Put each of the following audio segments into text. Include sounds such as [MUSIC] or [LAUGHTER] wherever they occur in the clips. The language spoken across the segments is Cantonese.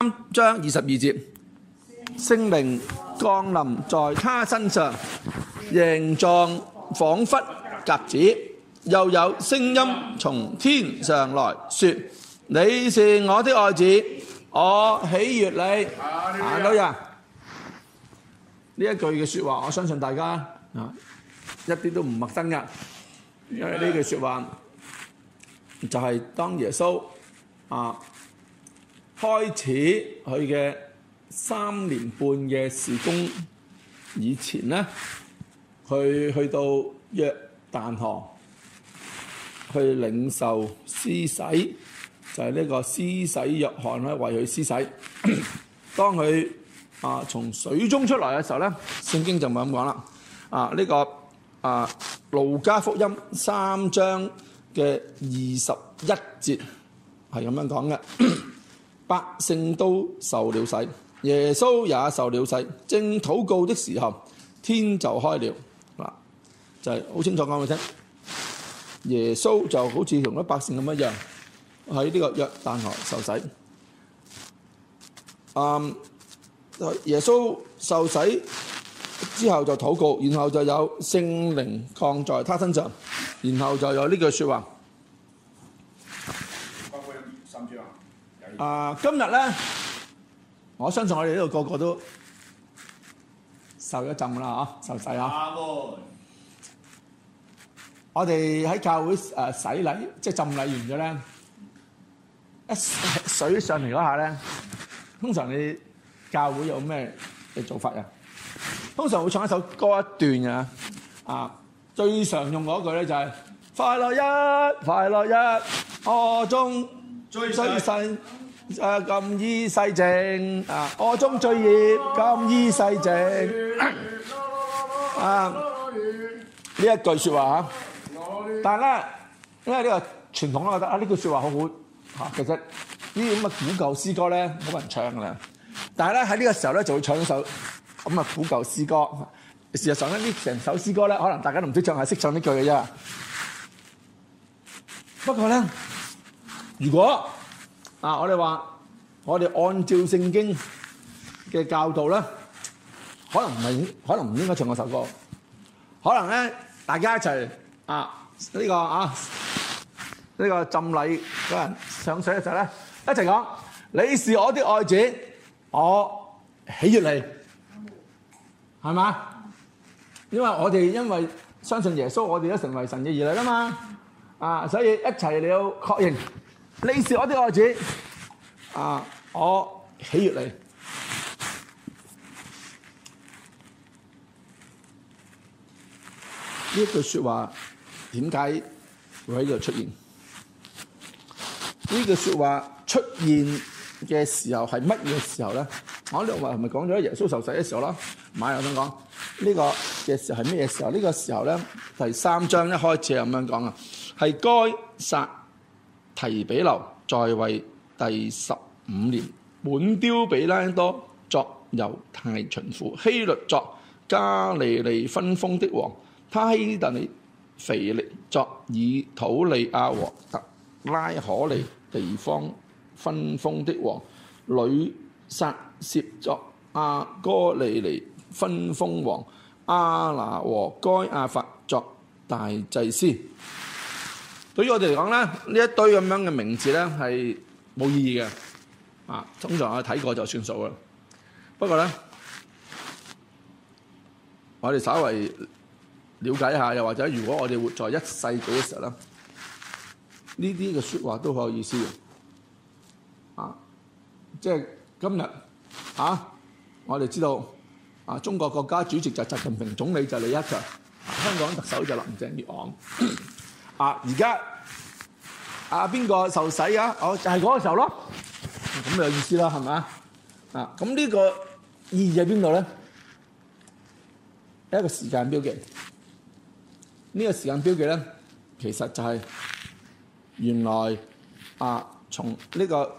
三章二十二節，聖靈降臨在他身上，形狀仿佛鴿子，又有聲音從天上來說：你是我的愛子，我喜悅你。阿多人，呢一句嘅說話，我相信大家啊，一啲都唔陌生噶。因為呢句說話就係當耶穌啊。開始佢嘅三年半嘅事工以前咧，佢去到約旦河去領受施洗，就係、是、呢個施洗約翰咧為佢施洗。 [COUGHS] 當佢啊從水中出來嘅時候咧，聖經就唔係咁講啦。啊，呢、這個啊路加福音三章嘅二十一節係咁樣講嘅。 [COUGHS] 百姓都受了洗，耶穌也受了洗。正禱告的時候，天就開了。嗱，就係好清楚講俾你聽。耶穌就好似同啲百姓咁一樣，喺呢個約旦河受洗。嗯，耶穌受洗之後就禱告，然後就有聖靈降在他身上，然後就有呢句説話。啊，今日咧，我相信我哋呢度個個都受咗浸啦，嗬，受晒啊！阿妹，我哋喺教會，誒洗禮，即係浸禮完咗咧，一水上嚟嗰下咧，通常你教會有咩嘅做法啊？通常會唱一首歌一段嘅啊，啊，最常用嗰句咧就係快樂日快樂日賀中。罪信啊，禁衣細淨啊，惡中罪孽，禁衣細淨啊，呢一句說話啊，但係咧，因為呢個傳統啦，覺得啊呢句說話好好吓，其實呢啲咁嘅古舊詩歌咧，冇乜人唱噶啦，但係咧喺呢個時候咧，就會唱一首咁啊古舊詩歌，事實上咧呢成首詩歌咧，可能大家都唔知唱係識唱呢句嘅啫，不過咧。如果啊，我哋話我哋按照聖經嘅教導咧，可能唔係，可能唔應該唱嗰首歌。可能咧，大家一齊啊呢個啊呢個浸禮嗰人上水嘅時候咧，一齊講：你是我的愛子，我喜悦你，係嘛？因為我哋因為相信耶穌，我哋都成為神嘅兒女啦嘛。啊，所以一齊你要確認。你是我的兒子，啊，我喜悦你。呢一句說話點解會喺度出現？呢句說話出現嘅時候係乜嘢時候咧？我兩話係咪講咗耶穌受洗嘅時候咯。唔係我想講呢個嘅時候係乜嘢時候？呢個時候咧，第三章一開始係咁樣講啊，係該撒，提比留在位第十五年，滿丟比拉多作猶太巡撫，希律作加利利分封的王，他希特尼腓力作以土利亞和特拉可尼地方分封的王，呂撒涉作阿哥利尼分封王，阿拿和該亞法作大祭司。對於我哋嚟講咧，呢一堆咁樣嘅名字咧係冇意義嘅，啊，通常我睇過就算數嘅。不過咧，我哋稍微了解一下，又或者如果我哋活在一世紀嘅時候咧，呢啲嘅說話都好有意思嘅，啊，即係今日啊，我哋知道啊，中國國家主席就習近平，總理就李克強，啊，香港特首就林鄭月娥。啊！而家啊，邊個受洗啊？哦，就係嗰個時候咯，咁有意思啦，係咪？啊，咁呢個意義喺邊度咧？一個時間標記，呢個時間標記咧，其實就係原來啊，從呢個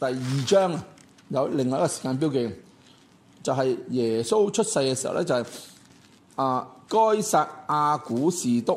第二章有另外一個時間標記，就係耶穌出世嘅時候咧，就係啊，該撒亞古士督。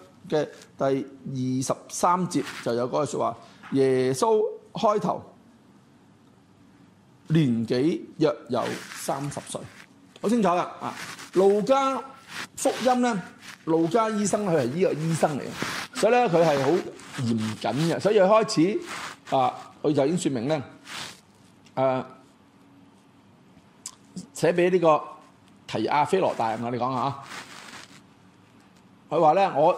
嘅第二十三節就有句説話，耶穌開頭年紀約有三十歲，好清楚噶。啊，路加福音咧，路加醫生佢係呢個醫生嚟嘅，所以咧佢係好嚴謹嘅，所以佢開始啊，佢就已經説明咧，誒、呃、寫俾呢個提阿非羅大人，你講下，佢話咧我。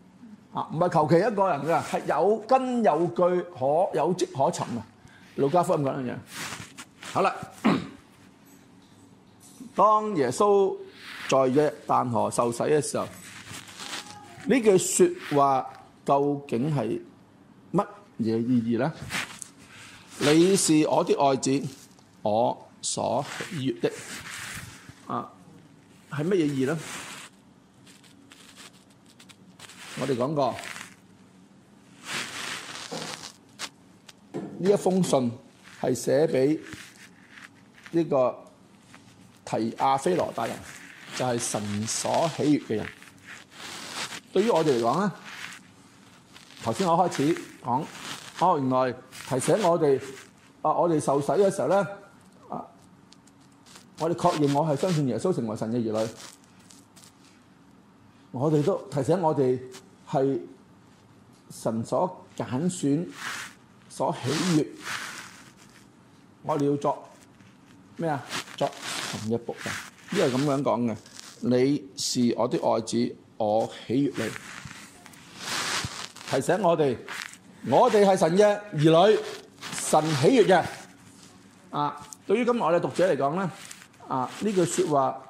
啊！唔係求其一個人噶，係有根有據可有跡可尋啊！路加福音咁講一樣。好啦，當耶穌在約旦河受洗嘅時候，呢句説話究竟係乜嘢意義咧？你是我的愛子，我所悅的啊，係乜嘢意義咧？我哋講過呢一封信係寫俾呢個提亞非羅大人，就係神所喜悅嘅人。對於我哋嚟講咧，頭先我開始講，哦，原來提醒我哋，啊，我哋受洗嘅時候咧，啊，我哋確認我係相信耶穌成為神嘅兒女。我哋都提醒我哋係神所揀選、所喜悅，我哋要作咩啊？作神嘅僕人，呢係咁樣講嘅。你是我的愛子，我喜悅你。提醒我哋，我哋係神嘅兒女，神喜悅嘅。啊，對於今日我哋讀者嚟講咧，啊，呢句說話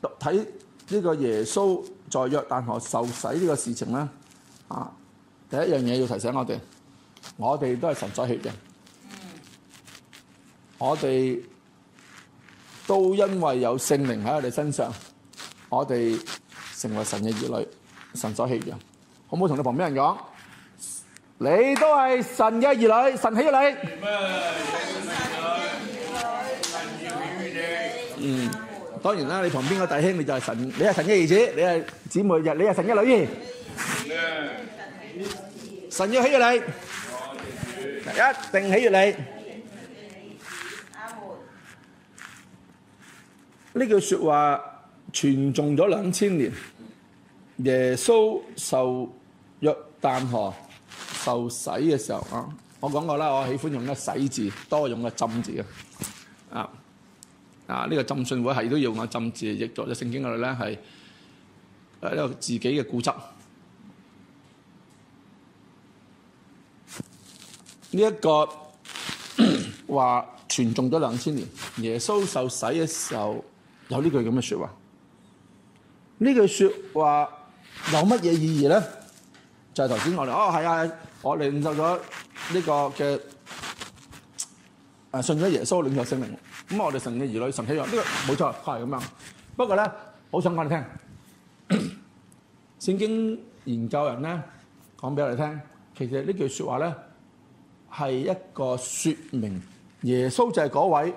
讀睇呢個耶穌。在約但河受洗呢個事情咧，啊，第一樣嘢要提醒我哋，我哋都係神所喜嘅，嗯，我哋都因為有聖靈喺我哋身上，我哋成為神嘅兒女，神所喜嘅，好唔好同你旁邊人講？你都係神嘅兒女，神喜咗你。嗯。當然啦，你旁邊個弟兄，你就係神，你係神嘅兒子，你係姊妹，就你係神嘅女兒。神要喜悅你，一定喜悅你。呢句説話傳頌咗兩千年。耶穌受約旦河受洗嘅時候啊，我講過啦，我喜歡用一洗字，多用個浸字嘅啊。啊！呢、這個浸信會係都要我浸字譯作《嘅聖經》嗰度咧，係、這、一個自己嘅固執。呢、這、一個話傳頌咗兩千年，耶穌受洗嘅時候有呢句咁嘅說話。呢句說話有乜嘢意義咧？就係頭先我哋哦係啊，我哋領受咗呢個嘅啊，信咗耶穌，領受聖靈。咁我哋神嘅兒女神一樣，呢個冇錯，係咁樣。不過咧，好想講翻你聽，聖經研究人咧講俾我哋聽，其實呢句說話咧係一個說明，耶穌就係嗰位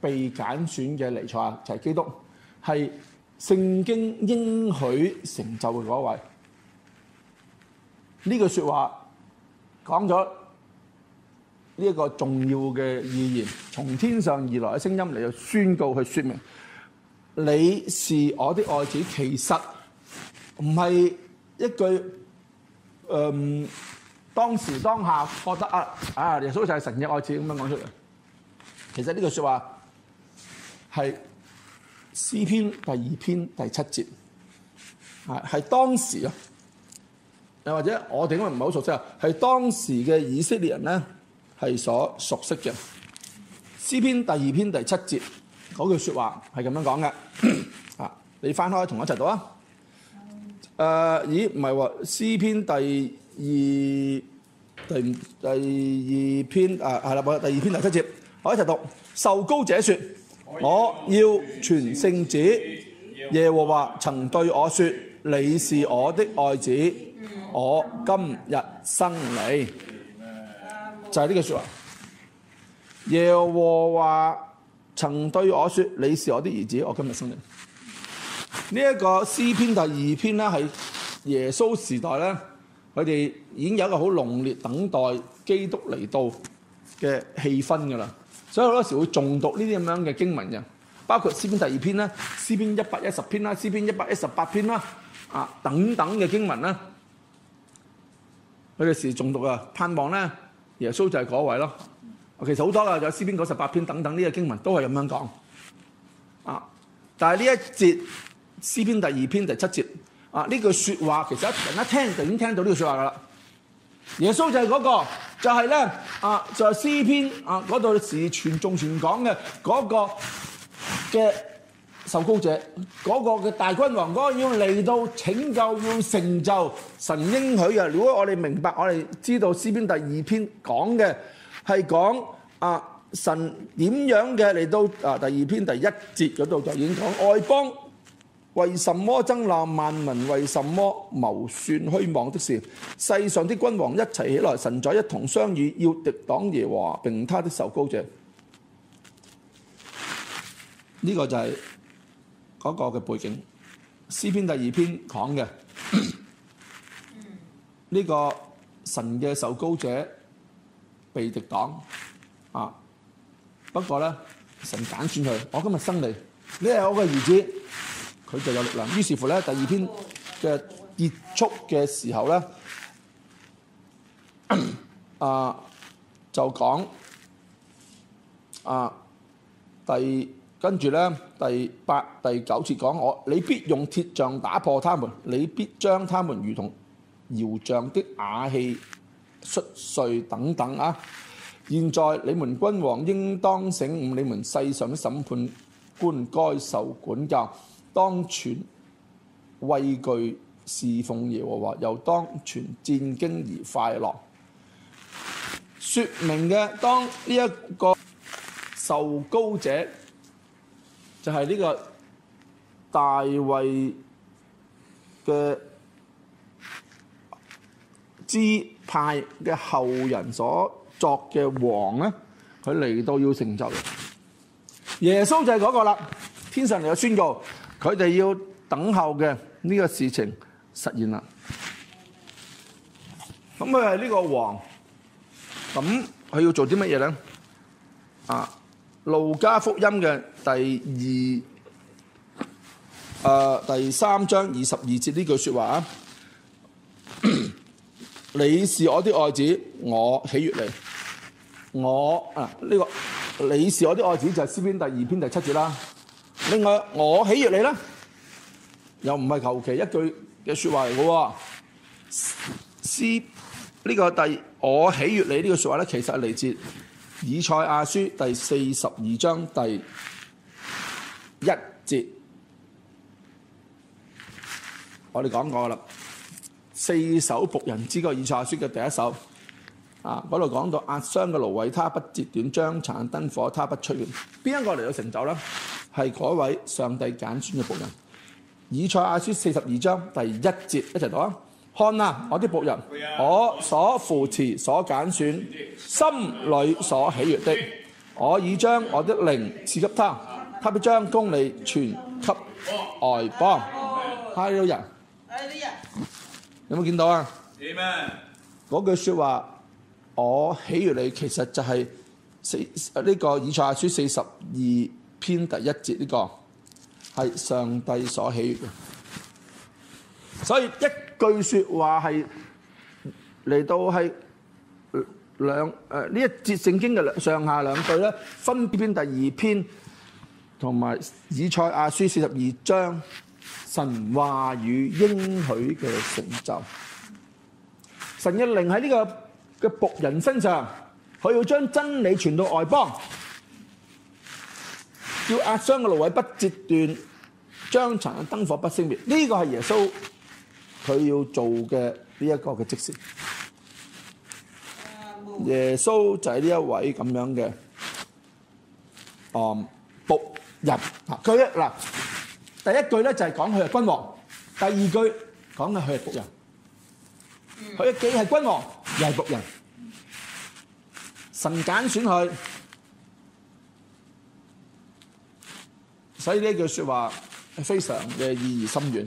被揀選嘅彌賽亞，就係基督，係聖經應許成就嘅嗰位。呢句說話講咗。呢一個重要嘅意言，從天上而來嘅聲音嚟到，宣告去說明你是我的愛子，其實唔係一句，嗯，當時當下覺得啊啊，耶穌就係神嘅愛子咁樣講出嚟。其實呢句說話係詩篇第二篇第七節，係係當時咯，又或者我哋應該唔係好熟悉啊，係當時嘅以色列人咧。係所熟悉嘅詩篇第二篇第七節嗰句話是這說話係咁樣講嘅，啊， [COUGHS] 你翻開同我一齊讀啊！誒、呃，咦，唔係詩篇第二第第二篇啊，係啦，第二篇第七節，我一齊讀。受膏者說：我要傳聖旨。耶和華曾對我說：你是我的愛子，我今日生你。就係呢句說話，耶和華曾對我說：你是我的兒子，我今日生你。呢一個詩篇第二篇咧，係耶穌時代咧，佢哋已經有一個好濃烈等待基督嚟到嘅氣氛噶啦。所以好多時會重讀呢啲咁樣嘅經文嘅，包括詩篇第二篇啦、詩篇一百一十篇啦、詩篇一百一十八篇啦啊等等嘅經文啦，佢哋時重讀啊，盼望咧。耶穌就係嗰位咯，其實好多噶，就係詩篇九十八篇等等呢個經文都係咁樣講啊。但係呢一節詩篇第二篇第七節啊，呢句説話其實人一,一聽就已經聽到呢句説話噶啦。耶穌就係嗰個，就係咧啊，就係詩篇啊嗰度是傳眾傳講嘅嗰個嘅。受膏者嗰個嘅大君王，嗰個要嚟到拯救，要成就神應許嘅。如果我哋明白，我哋知道詩篇第二篇講嘅係講啊神點樣嘅嚟到啊，第二篇第一節嗰度就已經講外邦為什麼爭鬧？萬民，為什麼謀算虛妄的事？世上的君王一齊起來，神在一同商議，要敵擋耶和華並他的受膏者。呢個就係。嗰個嘅背景，詩篇第二篇講嘅呢個神嘅受膏者被敵擋啊，不過咧，神揀選佢，我今日生你，你係我嘅兒子，佢就有力量。於是乎咧，第二篇嘅結束嘅時候咧啊就講啊第。跟住咧，第八、第九節講我，你必用鐵杖打破他們，你必將他們如同窰匠的瓦器摔碎等等啊！現在你們君王應當醒悟，你們世上的審判官該受管教，當存畏懼事奉耶和華，又當存戰兢而快樂。説明嘅，當呢一個受膏者。就係呢個大衛嘅支派嘅後人所作嘅王咧，佢嚟到要成就。耶穌就係嗰個啦，天上嚟嘅宣告，佢哋要等候嘅呢個事情實現啦。咁佢係呢個王，咁佢要做啲乜嘢咧？啊！路加福音嘅第二誒、呃、第三章二十二節呢句說話啊， [COUGHS] 你是我的愛子，我喜悅你，我啊呢、這個你是我的愛子就係、是、詩篇第二篇第七節啦。另外我喜悅你咧，又唔係求其一句嘅說話嚟嘅喎。詩呢個第我喜悅你呢、這個這個、我喜悅你呢句說話咧，其實嚟自。以賽亞書第四十二章第一節，我哋講過了四首僕人之歌以賽亞書的第一首，啊嗰度講到壓傷的蘆葦，他不折斷；將殘燈火，他不吹滅。邊一個嚟到成就呢？是嗰位上帝揀選的僕人。以賽亞書四十二章第一節，一齊讀啊！看啊！我的僕人，我所扶持、所揀選、心裏所喜悅的，我已將我的靈賜給他，他必將公理傳給外邦。睇到人，有冇見到啊？嗰句說話，我喜悅你，其實就係四呢個以賽亞書四十二篇第一節呢個，係上帝所喜悅嘅。所以一。句説話係嚟到係兩誒呢一節聖經嘅上下兩句咧，分別詩篇第二篇同埋以賽亞書四十二章，神話語應許嘅成就。神嘅靈喺呢個嘅僕人身上，佢要將真理傳到外邦，要壓傷嘅蘆葦不折斷，將殘嘅燈火不熄滅。呢、這個係耶穌。佢要做嘅呢一個嘅職事，耶穌就係呢一位咁樣嘅，嗯，僕人。佢嗱，第一句咧就係講佢係君王，第二句講嘅佢係僕人，佢既係君王又係僕人，神揀選佢，所以呢一句説話係非常嘅意義深遠。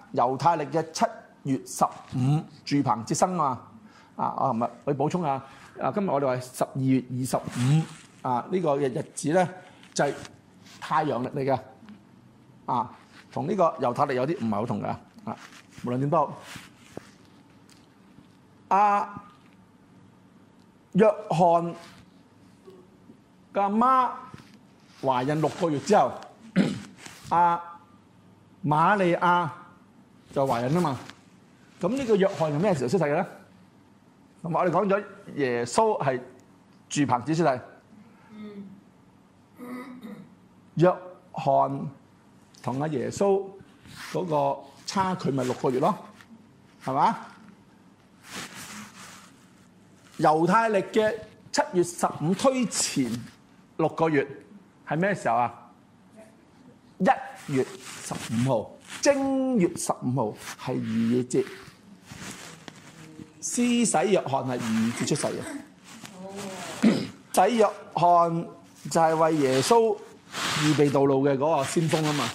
猶太歷嘅七月十五，住棚節生嘛？啊，我今日去補充啊！啊，今日我們我哋話十二月二十五啊，呢、這個日子呢，就係、是、太陽歷嚟嘅，啊，同呢個猶太歷有啲唔係好同嘅。啊，無論點都，阿、啊、約翰嘅媽懷孕六個月之後，阿、啊、瑪利亞，就懷孕啊嘛，咁呢個約翰係咩時候出世嘅咧？同埋我哋講咗耶穌係住棚節出世，約、嗯嗯、約翰同阿耶穌嗰個差距咪六個月咯，係嘛？猶太歷嘅七月十五推前六個月係咩時候啊？嗯嗯、一月十五號，正月十五號係月節。施、嗯、洗約翰係儒月出世嘅，仔約翰就係為耶穌預備道路嘅嗰個先鋒啊嘛。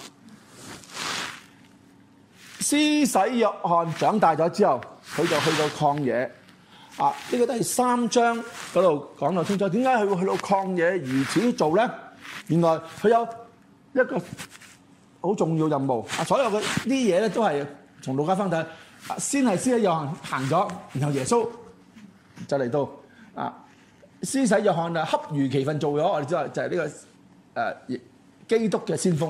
施、嗯、洗約翰長大咗之後，佢就去到曠野啊！呢、這個第三章嗰度講到清楚，點解佢會去到曠野如此做咧？原來佢有一個。好重要任務，啊！所有嘅啲嘢咧都係從路加翻睇，先係施洗約翰行咗，然後耶穌就嚟到，啊！施洗約翰啊恰如其分做咗，我哋知道就係呢個誒基督嘅先鋒。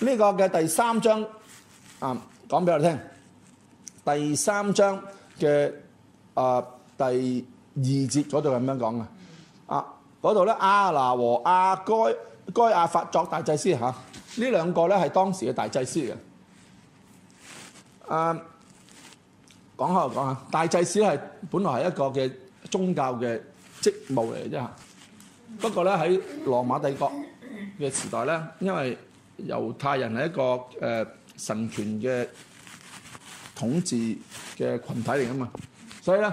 呢個嘅第三章啊，講俾我聽，第三章嘅啊第二節嗰度咁樣講嘅，啊嗰度咧亞那和亞該。該亞法作大祭司嚇，呢兩個咧係當時嘅大祭司嘅。誒，講開又講下，大祭司係本來係一個嘅宗教嘅職務嚟嘅啫嚇。不過咧喺羅馬帝國嘅時代咧，因為猶太人係一個誒神權嘅統治嘅羣體嚟㗎嘛，所以咧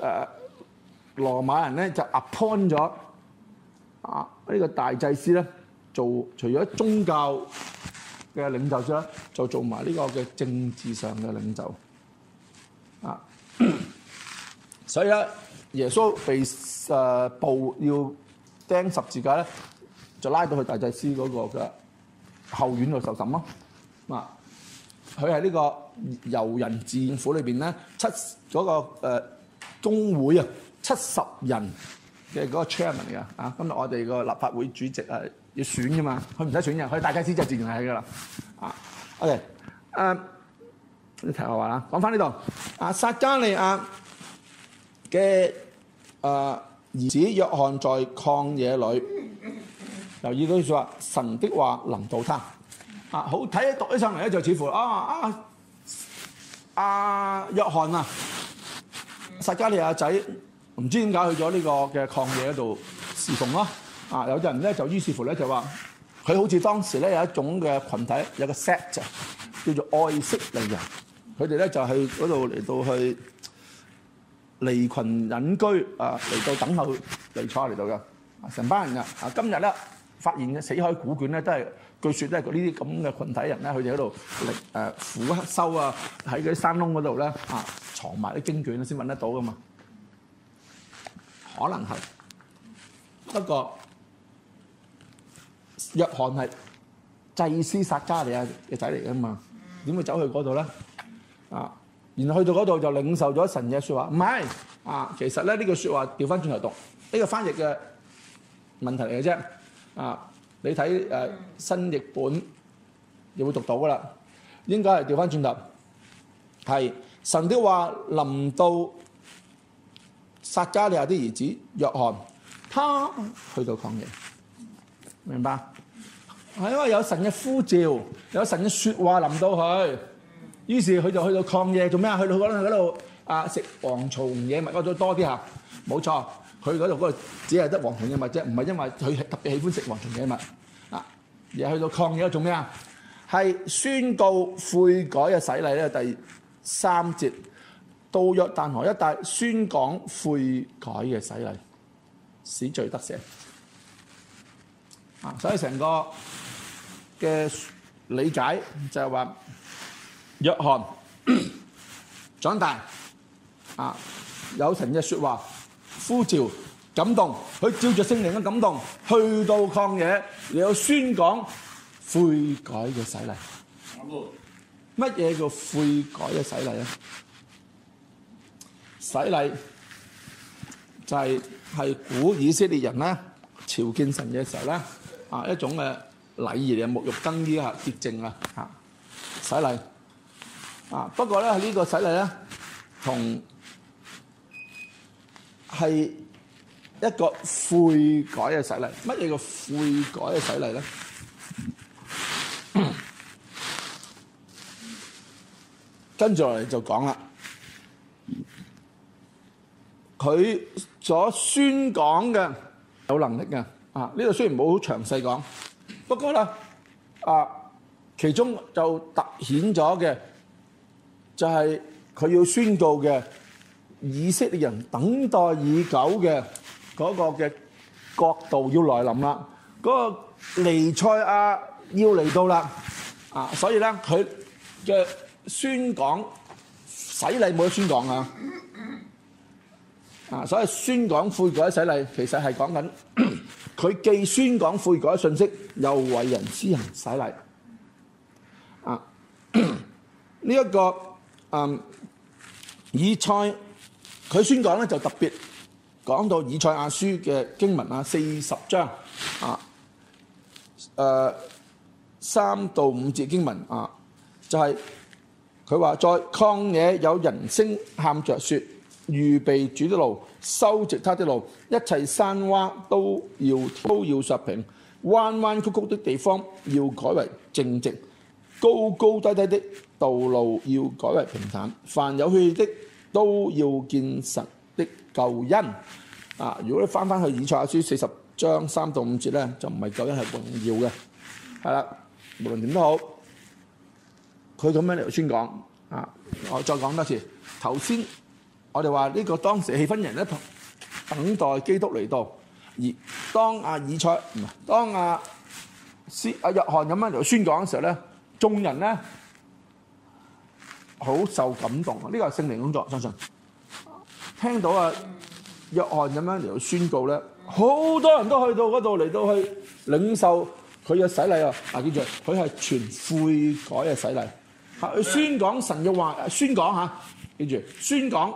誒羅馬人咧就 appoint 咗啊。呢個大祭司咧做，除咗宗教嘅領袖之外，就做埋呢個嘅政治上嘅領袖。啊， [COUGHS] 所以咧，耶穌被誒捕要釘十字架咧，就拉到去大祭司嗰個嘅後院度受審咯。啊，佢喺呢個猶人自治政府裏邊咧，七咗、那個誒公、呃、會啊，七十人。嘅嗰 Chairman 嚟噶，啊，今日我哋個立法會主席啊要選噶嘛？佢唔使選人，佢大計先就自然係噶啦。啊，OK，誒、啊，你睇我話啦，講翻呢度，阿撒迦利亞嘅誒、啊、兒子約翰在曠野裏，留意到説話，神的話臨到他。啊，好睇讀起上嚟咧就似乎啊啊啊約翰啊，撒迦利亞仔。唔知點解去咗呢個嘅曠野嗰度侍奉咯。啊，有啲人咧就於是乎咧就話，佢好似當時咧有一種嘅羣體，有個 set 就叫做愛惜利人，佢哋咧就去嗰度嚟到去離羣隱居啊，嚟到等候嚟錯嚟到嘅，成班人啊！今日咧發現嘅死海古卷咧都係據說咧佢呢啲咁嘅羣體人咧，佢哋喺嗰度嚟誒苦修啊，喺嗰啲山窿嗰度咧啊藏埋啲經卷先揾得到噶嘛。可能係，不過約翰係祭司撒迦利亞嘅仔嚟噶嘛？點會走去嗰度咧？啊，然後去到嗰度就領受咗神嘅説話。唔係啊，其實咧呢個説、這個、話調翻轉頭讀，呢、這個翻譯嘅問題嚟嘅啫。啊，你睇誒、啊、新譯本，就會讀到噶啦。應該係調翻轉頭，係神的話臨到。撒迦利亞啲兒子約翰，他去到曠野，明白？係因為有神嘅呼召，有神嘅說話臨到佢，於是佢就去到曠野做咩啊？去到嗰度啊，食蝗蟲野物嗰度多啲吓，冇錯。佢嗰度嗰度只係得蝗蟲野物啫，唔係因為佢特別喜歡食蝗蟲野物。啊，而去到曠野做咩啊？係宣告悔改嘅洗禮咧，第三節。到約旦河一帶宣講悔改嘅洗禮，使罪得赦。啊，所以成個嘅理解就係話約翰長大啊，有神嘅説話呼召，感動佢照著聖靈嘅感動去到曠野，你有宣講悔改嘅洗禮。乜嘢叫悔改嘅洗禮啊？洗禮就係係古以色列人咧，朝見神嘅時候咧啊，一種嘅禮儀嘅沐浴更衣啊，潔淨啊吓，洗禮啊，不過咧，呢個洗禮咧，同係一個悔改嘅洗禮。乜嘢叫悔改嘅洗禮咧？跟住我哋就講啦。佢所宣講嘅有能力嘅啊，呢度雖然冇好詳細講，不過咧啊，其中就突顯咗嘅就係佢要宣告嘅以色列人等待已久嘅嗰個嘅國度要來臨啦，嗰個彌賽亞要嚟到啦啊，所以咧佢嘅宣講洗禮冇得宣講啊。啊！所以宣講悔改洗禮，其實係講緊佢既宣講悔改信息，又為人施行洗禮。啊！咳咳這個嗯、他呢一個以賽佢宣講就特別講到以賽亞書嘅經文啊，四十章、啊啊、三到五節經文啊，就係佢話在曠野有人聲喊着説。預備主的路，修直祂的路，一切山洼都要都要削平，彎彎曲曲的地方要改為正直，高高低低的道路要改為平坦，凡有血的都要見神的救恩。啊！如果你翻翻去以賽亞書四十章三到五節咧，就唔係救恩係榮耀嘅，係啦，無論點都好，佢咁樣嚟宣講。啊，我再講多次，頭先。我哋話呢個當時氣氛人呢，人咧等等待基督嚟到，而當阿、啊、以賽唔係，當阿施阿約翰咁樣嚟到宣講嘅時候咧，眾人咧好受感動，呢、這個係聖靈工作，相信聽到阿、啊、約翰咁樣嚟到宣告咧，好多人都去到嗰度嚟到去領受佢嘅洗禮啊！記住，佢係全悔改嘅洗禮，啊，宣講神嘅話，啊，宣講吓、啊，記住，宣講。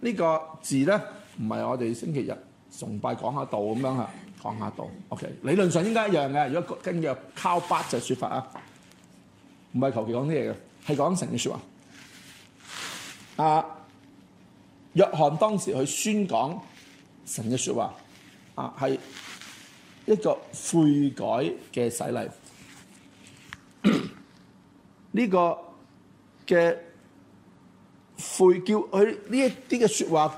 呢個字咧，唔係我哋星期日崇拜講下道咁樣嚇，講下道。OK，理論上應該一樣嘅。如果根據靠法嘅説法啊，唔係求其講啲嘢嘅，係講神嘅説話。啊，約翰當時去宣講神嘅説話，啊係一個悔改嘅洗禮。呢、 [COUGHS] 呢個嘅。悔叫佢呢一啲嘅説話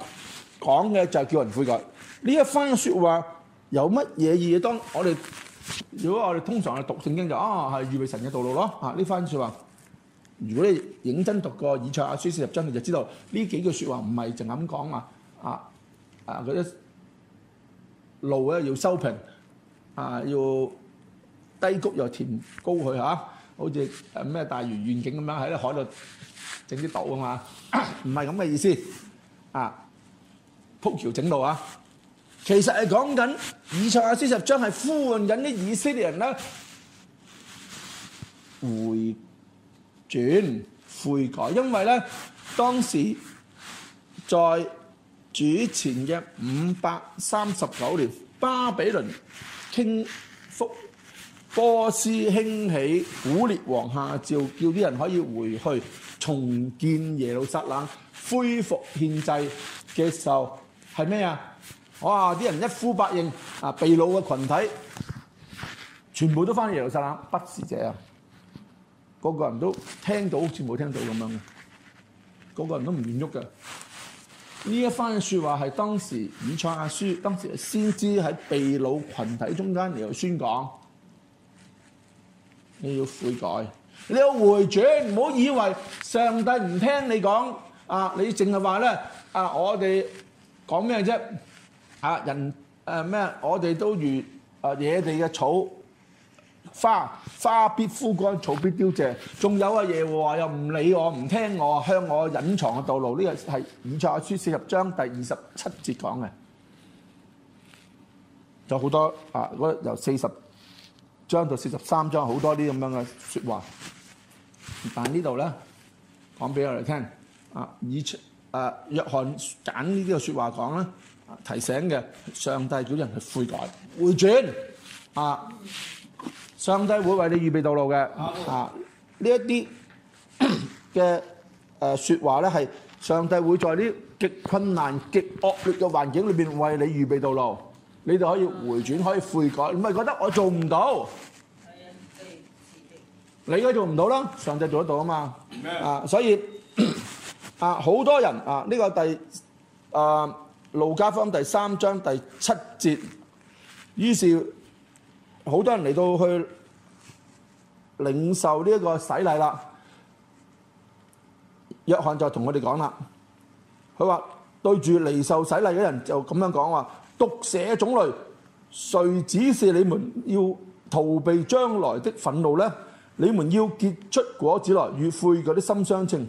講嘅就係叫人悔改。呢一番説話有乜嘢意義？當我哋如果我哋通常去讀聖經就啊係、哦、預備神嘅道路咯。啊呢番説話，如果你認真讀過以賽亞書四十章，你就知道呢幾句説話唔係淨係咁講嘛。啊啊嗰啲、啊、路咧要修平，啊要低谷又填高佢嚇、啊，好似誒咩大嶼願景咁樣喺啲海度。整啲島啊嘛，唔係咁嘅意思啊！鋪橋整路啊，其實係講緊以賽亞書十章，係呼喚緊啲以色列人咧回轉悔改，因為咧當時在主前嘅五百三十九年巴比倫傾覆。波斯興起，古列王下詔，叫啲人可以回去重建耶路撒冷，恢復憲制嘅時候係咩啊？哇！啲人一呼百應啊，被擄嘅群體全部都翻去耶路撒冷，不是者啊，個、個個人都聽到好似冇聽到咁樣嘅，個、個個人都唔願喐㗎。呢一番説話係當時以賽亞書當時先知喺被擄群體中間嚟宣講。你要悔改，你要回轉，唔好以為上帝唔聽你講。啊，你淨係話咧，啊，我哋講咩啫？啊，人誒咩？我哋都如啊野地嘅草花，花必枯乾，草必凋謝。仲有啊耶和華又唔理我，唔聽我，向我隱藏嘅道路。呢個係以賽亞書四十章第二十七節講嘅，有好多啊嗰由四十。將到四十三章好多啲咁樣嘅説話，但呢度咧講俾我哋聽，啊以出啊約翰揀呢啲嘅説話講咧，提醒嘅上帝叫人去悔改回轉，啊上帝會為你預備道路嘅，啊呢一啲嘅誒説話咧係上帝會在呢極困難、極惡劣嘅環境裏邊為你預備道路。你哋可以回轉，可以悔改，唔係覺得我做唔到？你應該做唔到啦，上帝做得到啊嘛。啊，所以啊，好多人啊，呢個第啊路加福音第三章第七節，於是好多人嚟到去領受呢一個洗禮啦。約翰就同佢哋講啦，佢話對住嚟受洗禮嘅人就咁樣講話。毒蛇種類，誰指示你們要逃避將來的憤怒呢？你們要結出果子來，與悔改的心相稱。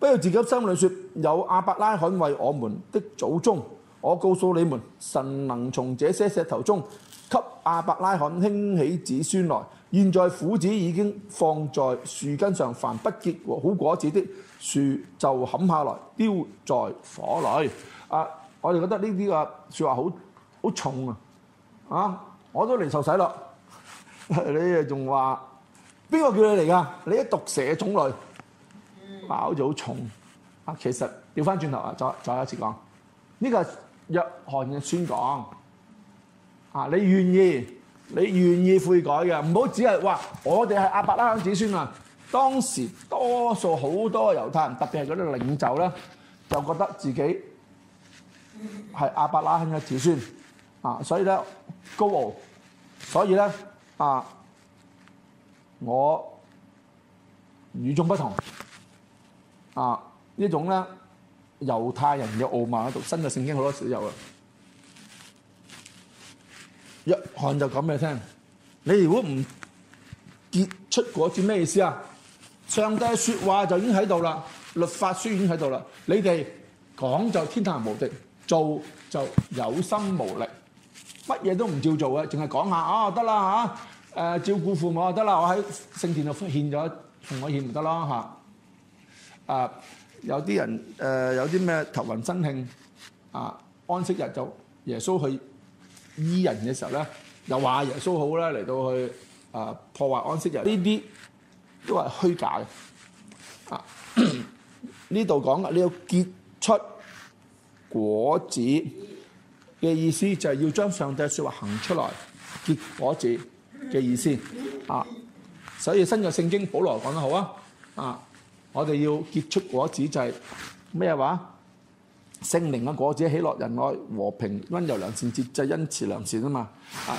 不要自己心裏説：有亞伯拉罕為我們的祖宗。我告訴你們，神能從這些石頭中給亞伯拉罕興起子孫來。現在斧子已經放在樹根上，凡不結好果子的樹就砍下來，丟在火裏。啊！我哋覺得呢啲嘅説話好好重啊！啊，我都嚟受洗咯，你哋仲話邊個叫你嚟㗎？你啲毒蛇種類，矛就好重啊！其實調翻轉頭啊，再再一次講，呢個約翰嘅宣講啊，你願意，你願意悔改嘅，唔好只係話我哋係亞伯拉罕子孫啊！當時多數好多猶太人，特別係嗰啲領袖咧，就覺得自己，係亞伯拉罕嘅子孫啊，所以咧高傲，所以咧啊，我與眾不同啊，這種呢種咧猶太人嘅傲慢，讀新嘅聖經好多時候都有啊。約翰就講咩聲？你如果唔結出果子，咩意思啊？上帝嘅說話就已經喺度啦，律法書已經喺度啦，你哋講就天下無敵。做就有心無力，乜嘢都唔照做啊，淨係講下哦得啦嚇，誒照顧父母就得啦，我喺聖殿度獻咗，同我獻唔得啦嚇。誒有啲人誒有啲咩頭暈身興啊，安息日就耶穌去醫人嘅時候咧，又話耶穌好咧，嚟到去誒破壞安息日，呢啲都係虛假嘅。啊呢度講啊你要結出。果子嘅意思就係要將上帝說話行出來，結果子嘅意思啊，所以新嘅聖經保羅講得好啊，啊，我哋要結出果子就係咩話？聖靈嘅果子，喜樂、仁愛、和平、溫柔、良善、節制、恩慈、良善啊嘛，啊，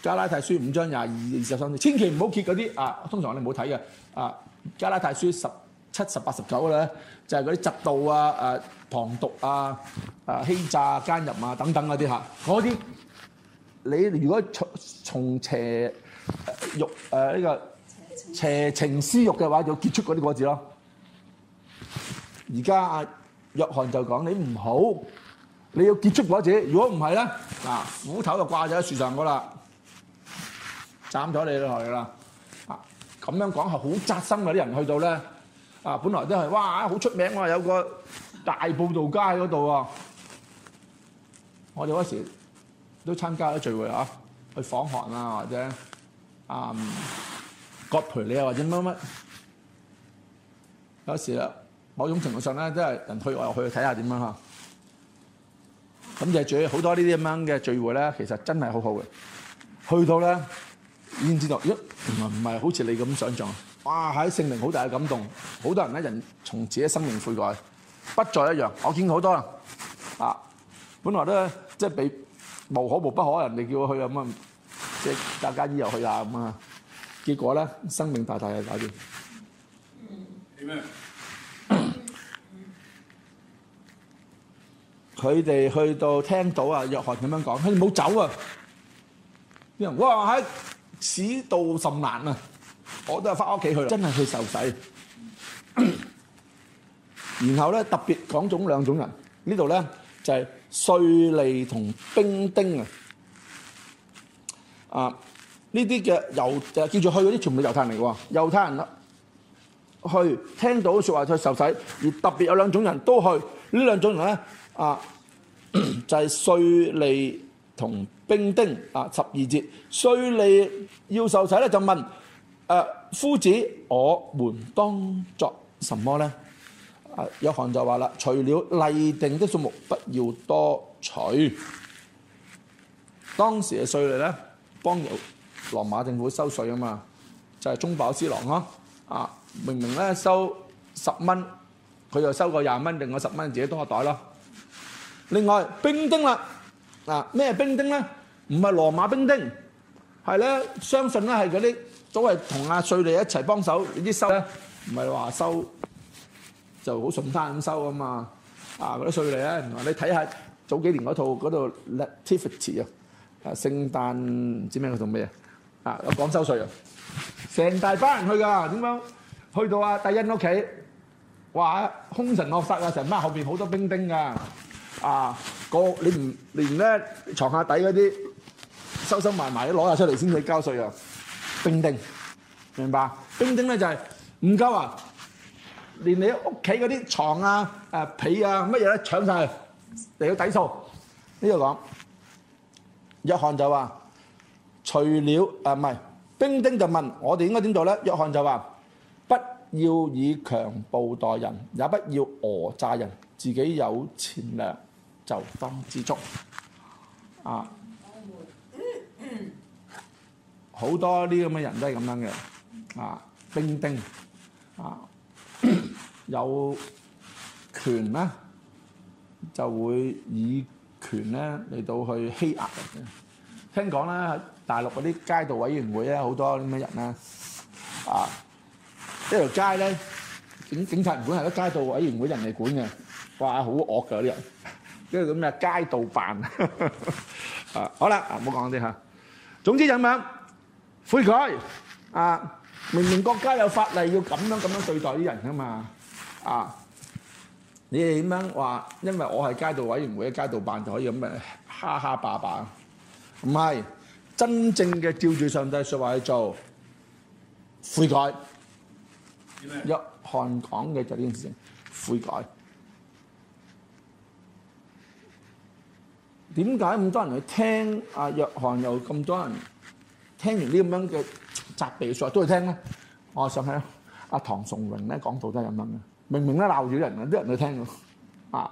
加拉太書五章廿二二十三，千祈唔好結嗰啲啊，通常你哋唔好睇嘅啊，加拉太書十。七十八十九啦，就係嗰啲嫉妒啊、誒、啊、貪毒啊、誒、啊、欺詐、啊、奸淫啊等等嗰啲嚇，嗰啲你如果從邪欲誒呢個邪情私慾嘅話，就結出嗰啲果子咯。而家啊，約翰就講，你唔好，你要結出果子。如果唔係咧，嗱，斧頭就掛咗喺樹上噶啦，斬咗你落去啦。啊，咁樣講係好扎心㗎，啲人去到咧。啊，本來都係哇，好出名喎，有個大報道街嗰度啊，我哋嗰時都參加咗聚會啊，去訪寒啊，或者嗯割培啊，或者乜乜有時啊，某種程度上咧，都係人去我入去睇下點樣吓。咁、啊、就聚好多呢啲咁樣嘅聚會咧，其實真係好好嘅。去到咧已經知道，咦、哎，唔係唔係好似你咁想象。哇！喺聖靈好大嘅感動，好多人咧人從自己生命悔改，不再一樣。我見好多啦，啊！本來咧即係被無可無不可，人哋叫我去咁啊，即係大家衣又去下咁啊，結果咧生命大大嘅改變。嗯，係咩？佢哋去到聽到啊，約翰咁樣講：佢哋冇走啊！啲人哇！喺此道甚難啊！我都係翻屋企去，真係去受洗。然後咧，特別講咗兩種人呢度咧，就係稅吏同兵丁啊。啊，呢啲嘅遊就叫住去嗰啲，全部都猶太人嚟嘅喎。猶太人去聽到説話就受洗，而特別有兩種人都去呢兩種人咧啊，就係稅吏同兵丁啊。十二節稅吏要受洗咧，就問。誒夫子，我們當作什麼咧？啊，約翰就話啦，除了例定的數目，不要多取。當時嘅稅率咧，幫由羅馬政府收稅啊嘛，就係、是、中飽私囊咯。啊，明明咧收十蚊，佢又收個廿蚊，定我十蚊自己多個袋咯。另外，兵丁啦，嗱咩兵丁咧？唔係羅馬兵丁，係咧相信咧係嗰啲。都係同阿稅吏一齊幫手，啲收咧唔係話收就好順攤咁收啊嘛！啊嗰啲稅吏咧，你睇下早幾年嗰套嗰度《Latifity》啊，啊聖誕唔知咩佢做咩啊，有講收稅啊，成大班人去㗎，點樣去到阿戴恩屋企，哇，兇神惡煞啊，成班後邊好多兵丁㗎，啊個你連連咧牀下底嗰啲收收埋埋都攞下出嚟先至交稅啊！兵丁，明白？兵丁咧就係唔夠啊，連你屋企嗰啲牀啊、誒被啊乜嘢都搶晒去嚟，去抵數。呢度講，約翰就話，除了誒唔係，兵丁就問我哋應該點做咧？約翰就話，不要以強暴待人，也不要訛詐人，自己有錢糧就當知足，啊。好多啲咁嘅人都係咁樣嘅，啊，兵丁，啊，有權咧就會以權咧嚟到去欺壓人嘅。聽講咧，大陸嗰啲街道委員會咧，好多啲咩人啊，啊，呢條街咧，警警察唔管，係個街道委員會人嚟管嘅，嘩，好惡㗎啲人，即係咁嘅街道辦。啊，好啦，啊，唔好講啲吓。總之人民。悔改，啊！明明國家有法例要咁樣咁樣對待啲人噶嘛，啊！你哋點樣話？因為我係街道委員會嘅街道辦就可以咁咪哈哈霸霸？唔係，真正嘅照住上帝説話去做，悔改。咩？約翰講嘅就呢件事，悔改。點解咁多人去聽？啊，約翰又咁多人？聽完呢咁樣嘅責備嘅說話都去聽咧，我想起阿唐崇榮咧講到都係咁樣嘅，明明咧鬧住人，啲人都聽過，啊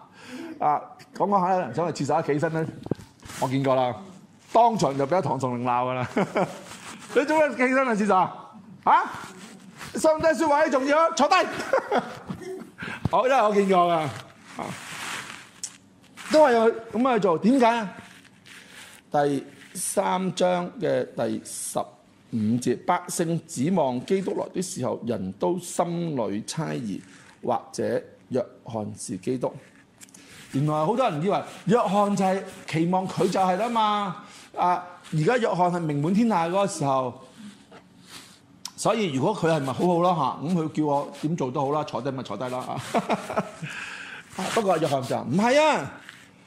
啊，講講下有人想嚟廁所起身咧，我見過啦，當場就俾阿唐崇榮鬧㗎啦，你做咩起身啊廁所？嚇，上帝說話先重要，坐低，我真係我見過㗎，都係咁樣去做，點解？第。三章嘅第十五節，百姓指望基督來的時候，人都心裡猜疑，或者約翰是基督。原來好多人以為約翰就係、是、期望佢就係啦嘛。啊，而家約翰係名滿天下嗰個時候，所以如果佢係咪好好咯吓？咁佢叫我點做都好啦，坐低咪坐低啦。 [LAUGHS] 不過約翰就唔係啊。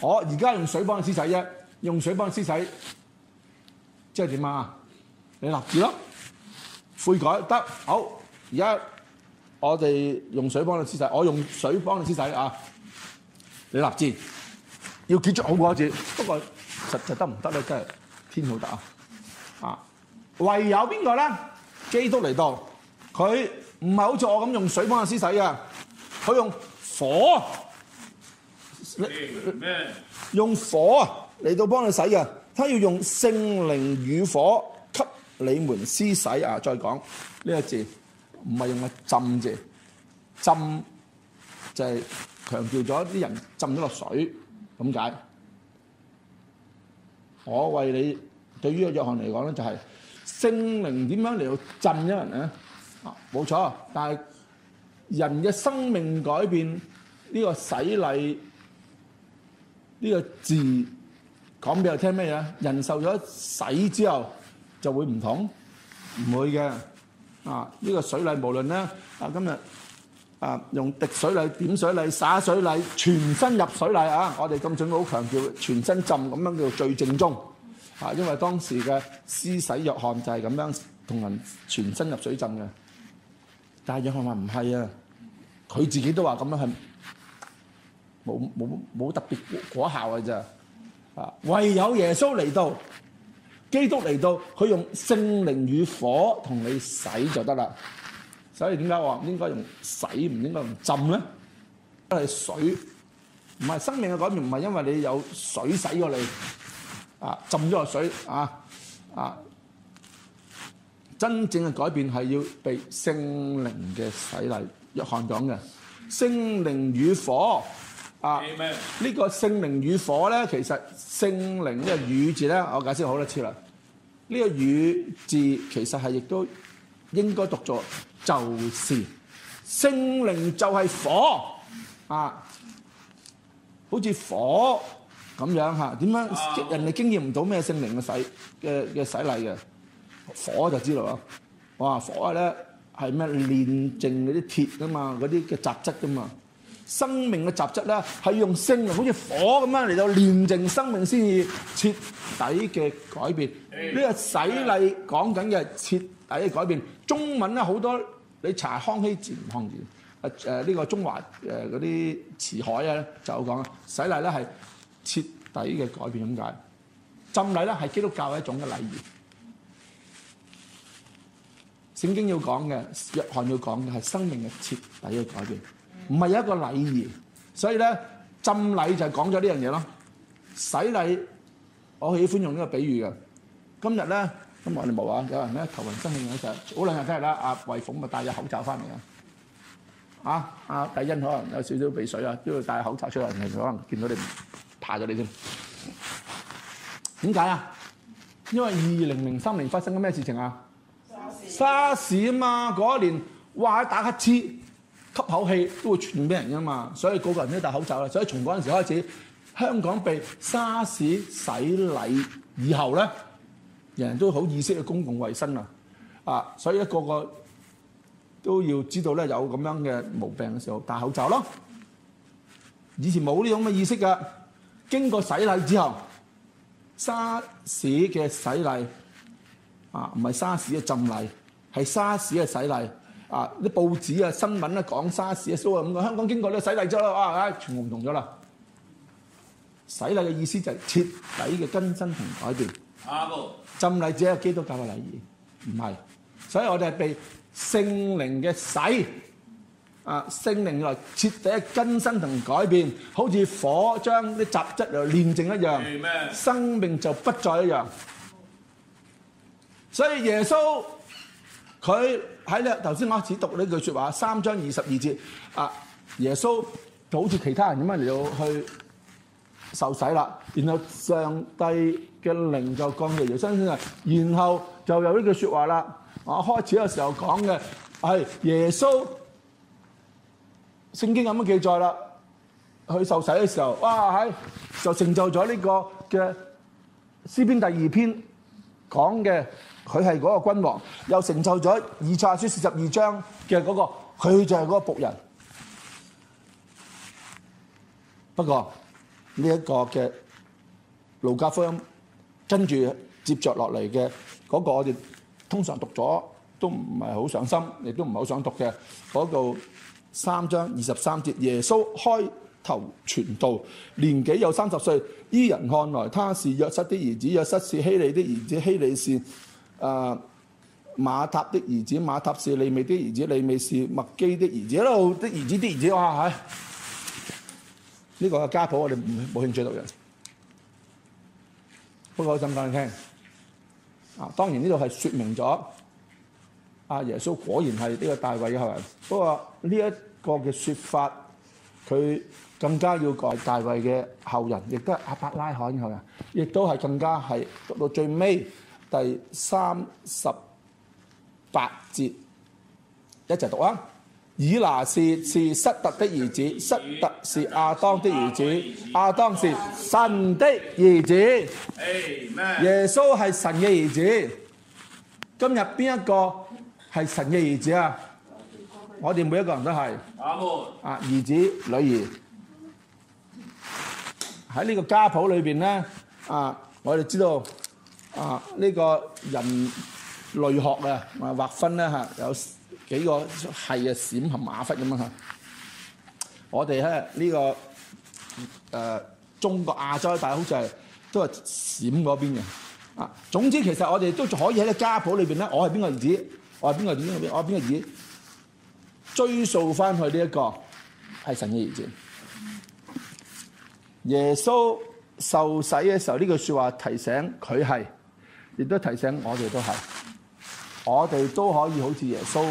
我而家用水幫你施洗，啫，用水幫你施洗，即係點啊？你立志咯，悔改得好。而家我哋用水幫你施洗，我用水幫你施洗啊！你立志，要結出好果子，不過實際得唔得咧？真係天好得啊！啊，唯有邊個咧？基督嚟到，佢唔係好似我咁用水幫你施洗啊，佢用火。你咩用火嚟到幫你洗嘅？他要用聖靈與火給你們施洗啊！再講呢個字，唔係用個浸字浸，就係強調咗啲人浸咗落水咁解。我為你對於個約翰嚟講咧，就係聖靈點樣嚟到浸一人咧？啊，冇錯，但係人嘅生命改變呢個洗禮。呢個字講俾我聽咩嘢？人受咗洗之後就會唔同，唔會嘅。啊，呢個水禮無論咧，啊今日啊用滴水禮、點水禮、灑水禮、全身入水禮啊！我哋咁準好強調全身浸咁樣叫做最正宗。啊，因為當時嘅施洗約翰就係咁樣同人全身入水浸嘅，但係約翰話唔係啊，佢自己都話咁樣係。冇冇冇特別果效嘅啫啊！唯有耶穌嚟到，基督嚟到，佢用聖靈與火同你洗就得啦。所以點解話應該用洗，唔應該用浸咧？因為水唔係生命嘅改變，唔係因為你有水洗過你啊，浸咗落水啊啊！真正嘅改變係要被聖靈嘅洗禮。約翰講嘅聖靈與火。啊！這個、靈與呢個聖靈與火咧，其實聖靈呢個與字咧，我解釋好多次啦。呢、這個與字其實係亦都應該讀作就是聖靈就係火啊！好似火咁樣嚇，點、啊、樣人哋經驗唔到咩聖靈嘅洗嘅嘅洗禮嘅火就知道啦。哇！火咧係咩煉淨嗰啲鐵啊嘛，嗰啲嘅雜質噶嘛。生命嘅雜質咧，係用聖，好似火咁樣，嚟到煉淨生命先至徹底嘅改變。呢 Hey, 個洗禮講緊嘅徹底嘅改變。中文咧好多，你查康熙字、唔康熙誒誒呢個中華誒嗰啲辭海咧，就講啊洗禮咧係徹底嘅改變，點解浸禮咧係基督教的一種嘅禮儀？聖經要講嘅，約翰要講嘅係生命嘅徹底嘅改變。唔係一個禮儀，所以咧浸禮就係講咗呢樣嘢咯。洗禮，我喜歡用呢個比喻啊。今日咧，今日我哋冇啊？有人咧頭暈身㷫嘅時候，早兩日聽日啦。阿惠鳳咪戴咗口罩翻嚟啊。嚇，阿戴欣可能有少少鼻水啊，都要戴口罩出嚟，唔係可能見到你怕咗你添。點解啊？因為二零零三年發生咗咩事情啊？沙士啊嘛，嗰一年哇打乞嗤。吸口氣都會傳染俾人噶嘛，所以個個人都戴口罩啦。所以從嗰陣時開始，香港被沙士洗禮以後咧，人人都好意識嘅公共衞生啊，啊，所以一個個都要知道咧，有咁樣嘅毛病嘅時候戴口罩咯。以前冇呢種嘅意識嘅，經過洗禮之後，沙士嘅洗禮，啊，唔係沙士嘅浸禮，係沙士嘅洗禮。啊！啲報紙啊、新聞咧講沙士啊、蘇啊咁，香港經過咧洗禮咗啦，哇！啊，全唔同咗啦，洗禮嘅意思就係徹底嘅更新同改變。啊！浸禮只係基督教嘅禮儀，唔係。所以我哋係被聖靈嘅洗，啊聖靈來徹底嘅更新同改變，好似火將啲雜質嚟煉淨一樣，生命就不再一樣。所以耶穌佢。喺咧頭先我開始讀呢句説話，三章二十二節，啊，耶穌就好似其他人咁樣嚟到去受洗啦，然後上帝嘅靈就降於耶穌身上，然後就有呢句説話啦。我開始嘅時候講嘅係耶穌，聖經有乜記載啦？去受洗嘅時候，哇！喺就成就咗呢個嘅詩篇第二篇講嘅。佢係嗰個君王，又成就咗《以賽亞書四十二章》嘅嗰個。佢就係嗰個僕人。不過呢一個嘅路加福音跟住接著落嚟嘅嗰個，我哋通常讀咗都唔係好上心，亦都唔係好想讀嘅嗰個三章二十三節。耶穌開頭傳道，年紀有三十歲。依人看來，他是約瑟的兒子，約瑟是希里的兒子，希里是。誒馬塔的兒子，馬塔是利未的兒子，利未是麥基的兒子咯，的兒子、的兒子哇係！呢個家譜我哋唔冇興趣讀嘅，不過我想講你聽。啊，當然呢度係説明咗，阿耶穌果然係呢個大衞嘅後人。不過呢一個嘅説法，佢更加要講大衞嘅後人，亦都係亞伯拉罕嘅後人，亦都係更加係讀到最尾。第三十八節，一齊讀啊！以挪士是塞特的兒子，塞特是亞當的兒子，亞當是神的兒子，耶穌係神嘅兒子。今日邊一個係神嘅兒子啊？我哋每一個人都係啊，兒子、女兒喺呢個家譜裏邊呢啊，我哋知道。啊！呢、這個人類學啊，劃分咧、啊、有幾個系的閃馬啊，閃含雅弗咁樣吓我哋咧呢個、啊、中國亞洲大，但好似係都係閃嗰邊嘅。啊，總之其實我哋都可以喺家譜裏面咧，我係邊個兒子？我係邊個子？子？追溯翻去呢、這、一個係神嘅兒子。耶穌受洗嘅時候，呢句說話提醒佢係。亦都提醒我哋，都係我哋都可以好似耶穌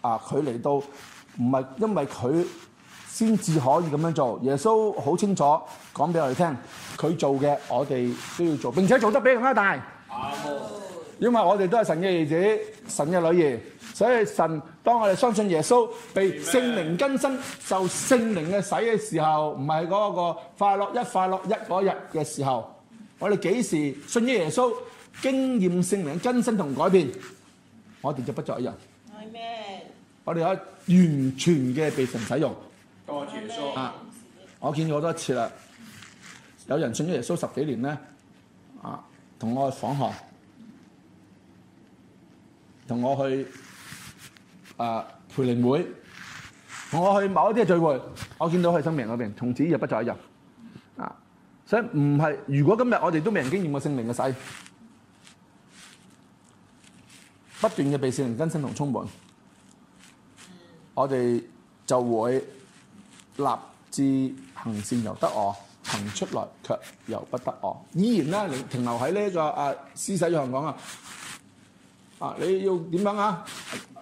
啊。佢嚟到唔係，因為佢先至可以咁樣做。耶穌好清楚講俾我哋聽，佢做嘅我哋都要做，並且做得比佢更大。因為我哋都係神嘅兒子、神嘅女兒，所以神當我哋相信耶穌，被聖靈更新，受聖靈嘅洗嘅時候，唔係嗰個快樂一快樂一嗰日嘅時候。我哋幾時信於耶穌？經驗聖靈更新同改變，我哋就不再一樣。阿妹，我哋可完全嘅被神使用。多主耶穌啊！我見過好多次啦，有人信咗耶穌十幾年咧，啊，同我去訪客，同我去誒培靈會，同我去某一啲嘅聚會，我見到佢生命裏邊從此就不再一樣啊！所以唔係，如果今日我哋都未人經驗過聖靈嘅洗。不斷嘅被聖靈更新同充滿，我哋就會立志行善由得我，行出來卻由不得我。依然咧，停留喺呢個啊施洗約翰講啊，啊你要點樣啊？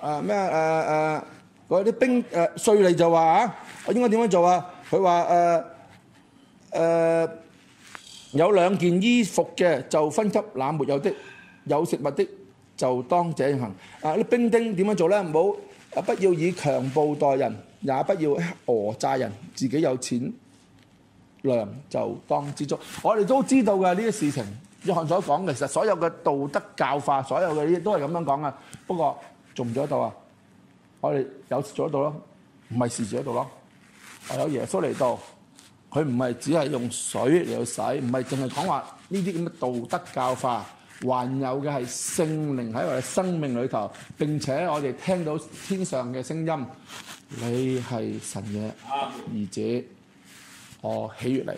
啊咩啊？誒誒嗰啲兵誒瑞利就話啊，我應該點樣做啊？佢話誒誒有兩件衣服嘅就分給那沒有的，有食物的。就當這樣行，啊啲兵丁點樣做咧？唔好啊，不要以強暴待人，也不要訛詐人。自己有錢糧就當知足。我哋都知道嘅呢啲事情，約翰所講嘅，其實所有嘅道德教化，所有嘅呢啲都係咁樣講啊。不過做唔做得到啊？我哋有時做得到咯，唔係事主得到咯。係有耶穌嚟到，佢唔係只係用水嚟到洗，唔係淨係講話呢啲咁嘅道德教化。還有嘅係聖靈喺我哋生命裏頭，並且我哋聽到天上嘅聲音，你係神嘅兒子，我喜悅你，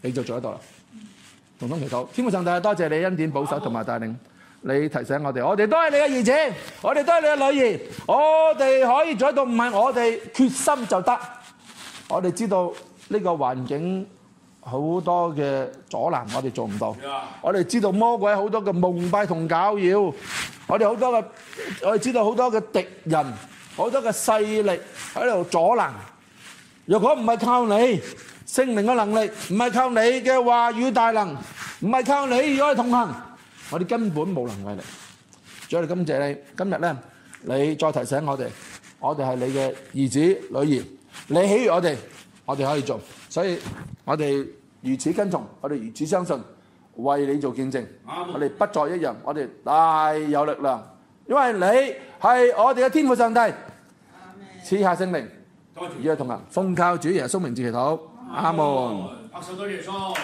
你就做得到啦。同同祈禱，天父上帝，多謝你恩典保守同埋帶領，你提醒我哋，我哋都係你嘅兒子，我哋都係你嘅女兒，我哋可以做得到，唔係我哋決心就得，我哋知道呢個環境。好多嘅阻攔，我哋做唔到。我哋知道魔鬼好多嘅蒙蔽同攪擾，我哋好多嘅我哋知道好多嘅敵人，好多嘅勢力喺度阻攔。若果唔係靠你聖靈嘅能力，唔係靠你嘅話語大能，唔係靠你與我哋同行，我哋根本冇能力。再嚟感謝你，今日咧，你再提醒我哋，我哋係你嘅兒子女兒，你喜悅我哋，我哋可以做，所以。我哋如此跟從，我哋如此相信，為你做見證。我哋不再一樣，我哋大有力量，因為你係我哋嘅天父上帝，賜下聖靈。而家同行奉靠主耶穌名字祈禱。阿門。拍手多謝。